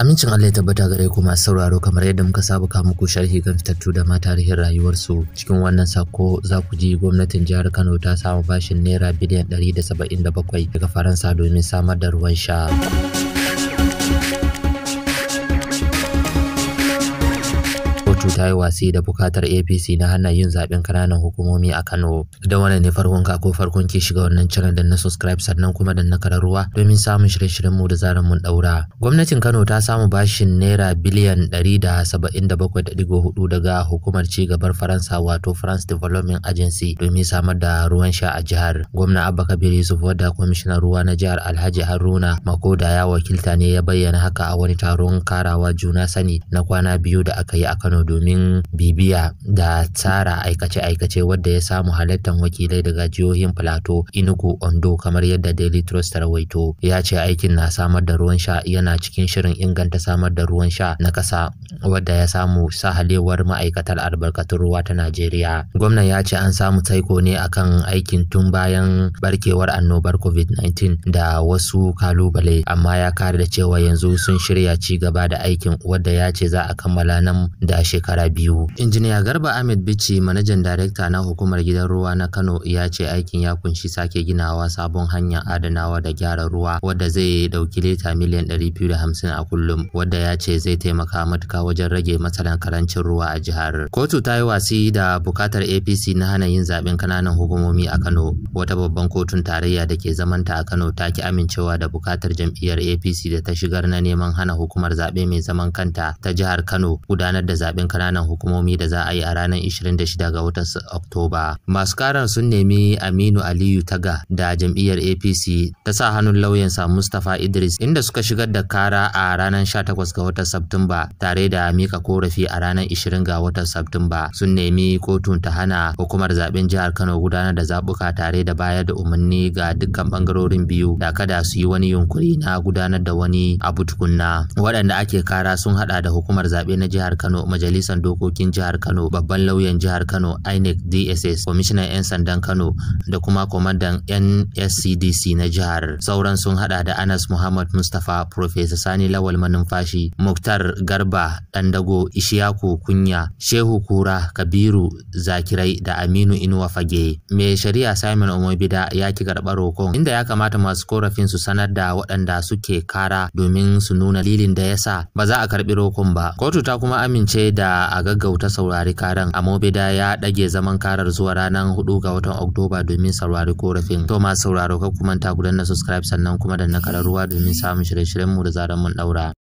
Amincin Allah ya tabbata gare ku masu sauraro kamar yadda muka saba ka muku sharhi kan fitattu da ma tarihin rayuwarsu. Cikin wannan sako za ku ji gwamnatin jihar Kano ta samu bashin naira biliyan 177 daga Faransa domin samar da ruwan sha. Plateau ta yi wasi da bukatar APC na hana yin zaɓen kananan hukumomi a Kano. Da wannan ne farkon ka ko farkon ki shiga wannan channel da na subscribe sannan kuma da na kararruwa domin samun shirye-shiryen mu da zaran mun daura. Gwamnatin Kano ta samu bashin naira biliyan da da da saba'in bakwai ɗari hudu daga hukumar ci gabar Faransa wato France Development Agency domin samar da ruwan sha a jihar. Gwamna Abba Kabir Yusuf wadda kwamishinan ruwa na jihar Alhaji Haruna Makoda ya wakilta ne ya bayyana haka a wani taron karawa juna sani na kwana biyu da aka yi a Kano domin bibiya da tsara aikace-aikace wadda ya samu halittar wakilai daga jihohin Plateau, inugu Ondo kamar yadda Daily Trust ta rawaito. Ya ce aikin na samar da ruwan sha yana cikin shirin inganta samar da ruwan sha na kasa wadda ya samu sahalewar ma'aikatar albarkatun ruwa ta Najeriya. Gwamnan ya ce an samu taiko ne akan aikin tun bayan barkewar annobar COVID-19 da wasu kalubale amma ya kare da cewa yanzu sun shirya ci gaba da aikin wadda ya ce za a kammala nan da shi. shekara biyu. Injiniya Garba Ahmed Bichi manajan darekta na hukumar gidan ruwa na Kano ya ce aikin ya kunshi sake ginawa sabon hanyar adanawa da gyara ruwa wadda zai dauki lita miliyan 250 a kullum wadda ya ce zai taimaka matuka wajen rage matsalan karancin ruwa a jihar. Kotu ta yi wasi da bukatar APC na hana yin zaben kananan hukumomi a Kano. Wata babban kotun tarayya da ke zamanta a Kano ta ki amincewa da bukatar jam'iyyar APC da ta shigar na neman hana hukumar zaɓe mai zaman kanta ta jihar Kano gudanar da zaben kananan hukumomi da za a yi a ranar 26 ga watan Oktoba. Masu karar sun nemi Aminu Aliyu Taga da jam'iyyar APC ta sa hannun lauyansa Mustapha Idris inda suka shigar da kara a ranar 18 ga watan Satumba tare da mika korafi a ranar 20 ga watan Satumba. Sun nemi kotun ta hana hukumar zaben jihar Kano gudanar da zabuka tare da bayar da umarni ga dukkan bangarorin biyu da kada su yi wani yunkuri na gudanar da wani abu tukunna. Waɗanda ake kara sun haɗa da hukumar zaɓe na jihar Kano majalisar majalisar dokokin jihar Kano babban lauyan jihar Kano INEC DSS kwamishinan 'yan sandan Kano da kuma kwamandan NSCDC na jihar sauran sun hada da Anas Muhammad Mustapha Professor Sani Lawal Manumfashi Muktar Garba Dandago Ishiyaku Kunya Shehu Kura Kabiru Zakirai da Aminu Inuwa Fage Me shari'a Simon Omobida ya ki karɓar rokon inda ya kamata masu korafin su sanar da waɗanda suke kara domin su nuna lilin da yasa ba za a karɓi rokon ba kotu ta kuma amince da a gaggauta saurari karan amobida ya ɗage zaman karar zuwa ranar 4 ga watan oktoba domin saurari korafin to masu sauraro ka kuma ta na subscribe sannan kuma da na kararruwa domin samun shirye-shiryenmu da zarar mun ɗaura